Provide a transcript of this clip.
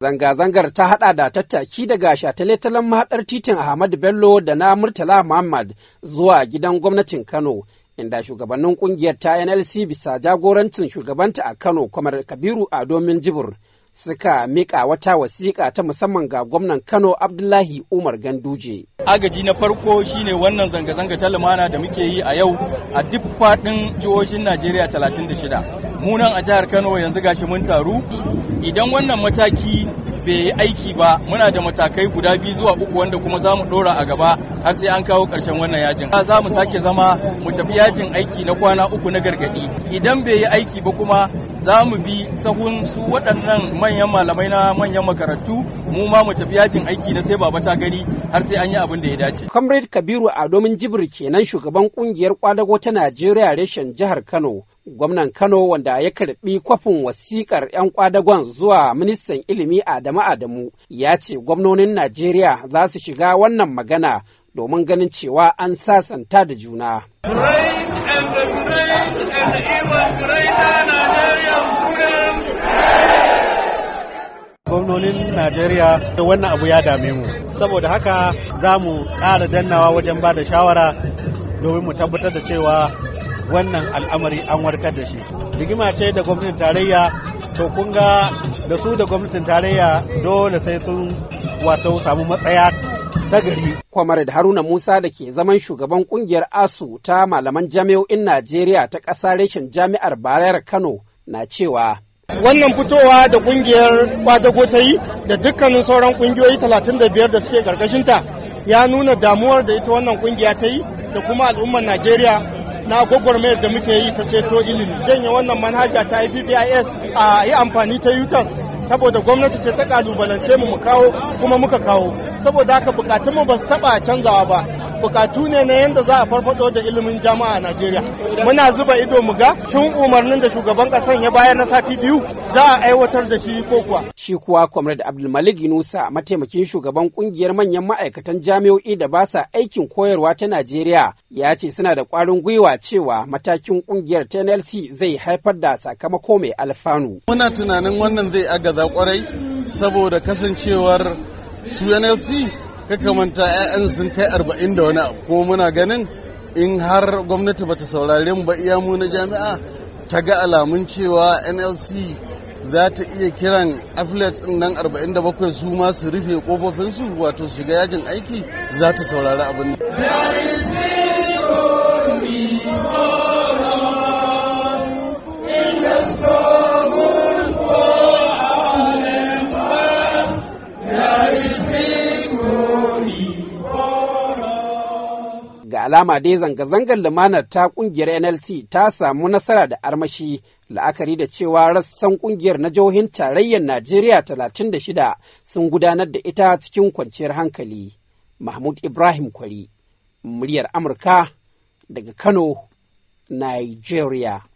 Zanga-zangar ta hada da tattaki daga shataletalen mahaɗar titin Ahmad Bello da na Murtala Muhammad zuwa gidan gwamnatin Kano, inda shugabannin kungiyar ta NLC bisa jagorancin shugabanta a Kano, Kwamar Kabiru a domin jibur suka mika wata wasiƙa ta musamman ga gwamnan Kano Abdullahi Umar Ganduje. Agaji na farko shine wannan zanga-zanga ta lumana da muke yi a yau a duk faɗin jihohin Najeriya 36. Mu nan a jihar Kano yanzu gashi mun taru. Idan wannan mataki bai yi aiki ba muna da matakai guda biyu zuwa uku wanda kuma za mu dora a gaba har sai an kawo ƙarshen wannan yajin za mu sake zama mu tafi yajin aiki na kwana uku na gargadi idan bai yi aiki ba kuma za mu bi sahun su waɗannan manyan malamai na manyan makarantu mu ma mu tafi yajin aiki na sai baba ta gani har sai an yi abin da ya dace. Comrade Kabiru Adomin Jibir kenan shugaban kungiyar kwadago ta Najeriya reshen jihar Kano. Gwamnan Kano wanda ya karbi kwafin wasiƙar 'yan kwadagon zuwa ministan ilimi Adamu Adamu ya ce gwamnonin Najeriya za su shiga wannan magana domin ganin cewa an sasanta da juna. gwamnonin Najeriya da wannan abu ya dame mu. Saboda haka za mu ƙara dannawa wajen ba da shawara domin mu tabbatar da cewa wannan al'amari an warkar da shi. Rigima ce da gwamnatin tarayya to kun ga da su da gwamnatin tarayya dole sai sun wato samu matsaya ta gari. Kwamar da Haruna Musa da ke zaman shugaban kungiyar ASU ta malaman jami'o'in Najeriya ta ƙasa reshen jami'ar Bayar Kano na cewa Wannan fitowa da kungiyar kwadago ta yi da dukkanin sauran kungiyoyi 35 da suke karkashinta ya nuna damuwar da ita wannan kungiya ta yi da kuma al'ummar Najeriya na gwagwarmayar da muke yi ta ceto ilimi. Janye wannan manhaja ta IPBIS a yi amfani ta UTAS saboda gwamnati ce ta kalubalance mu mu kawo kuma muka kawo saboda haka bukatunmu ba su taba canzawa ba bukatu ne na yadda za a farfado da ilimin jama'a a Najeriya. Muna zuba ido mu ga shin umarnin da shugaban kasan ya bayar na sati biyu za a aiwatar da shi ko kuwa. Shi kuwa Comrade Abdulmalik Yunusa mataimakin shugaban kungiyar manyan ma'aikatan jami'o'i da ba sa aikin koyarwa ta Najeriya ya ce suna da kwarin gwiwa cewa matakin kungiyar TNLC zai haifar da sakamako mai alfanu. Muna tunanin wannan zai agaza kwarai saboda kasancewar su NLC kaka manta 'ya'yan sun kai arba'in da wani abu ko muna ganin in har gwamnati bata saurare mu ba iyamu na jami'a ta ga alamun cewa nlc za ta iya kiran affiliates din nan 47 su ma su rufe kofofinsu wato shiga yajin aiki za ta saurari abin ga alama dai zanga-zangar lumanar ta kungiyar nlc ta samu nasara da armashi la'akari da cewa rassan kungiyar na jihohin tarayyar najeriya 36 sun gudanar da ita cikin kwanciyar hankali mahmud ibrahim kwari muryar amurka daga kano nigeria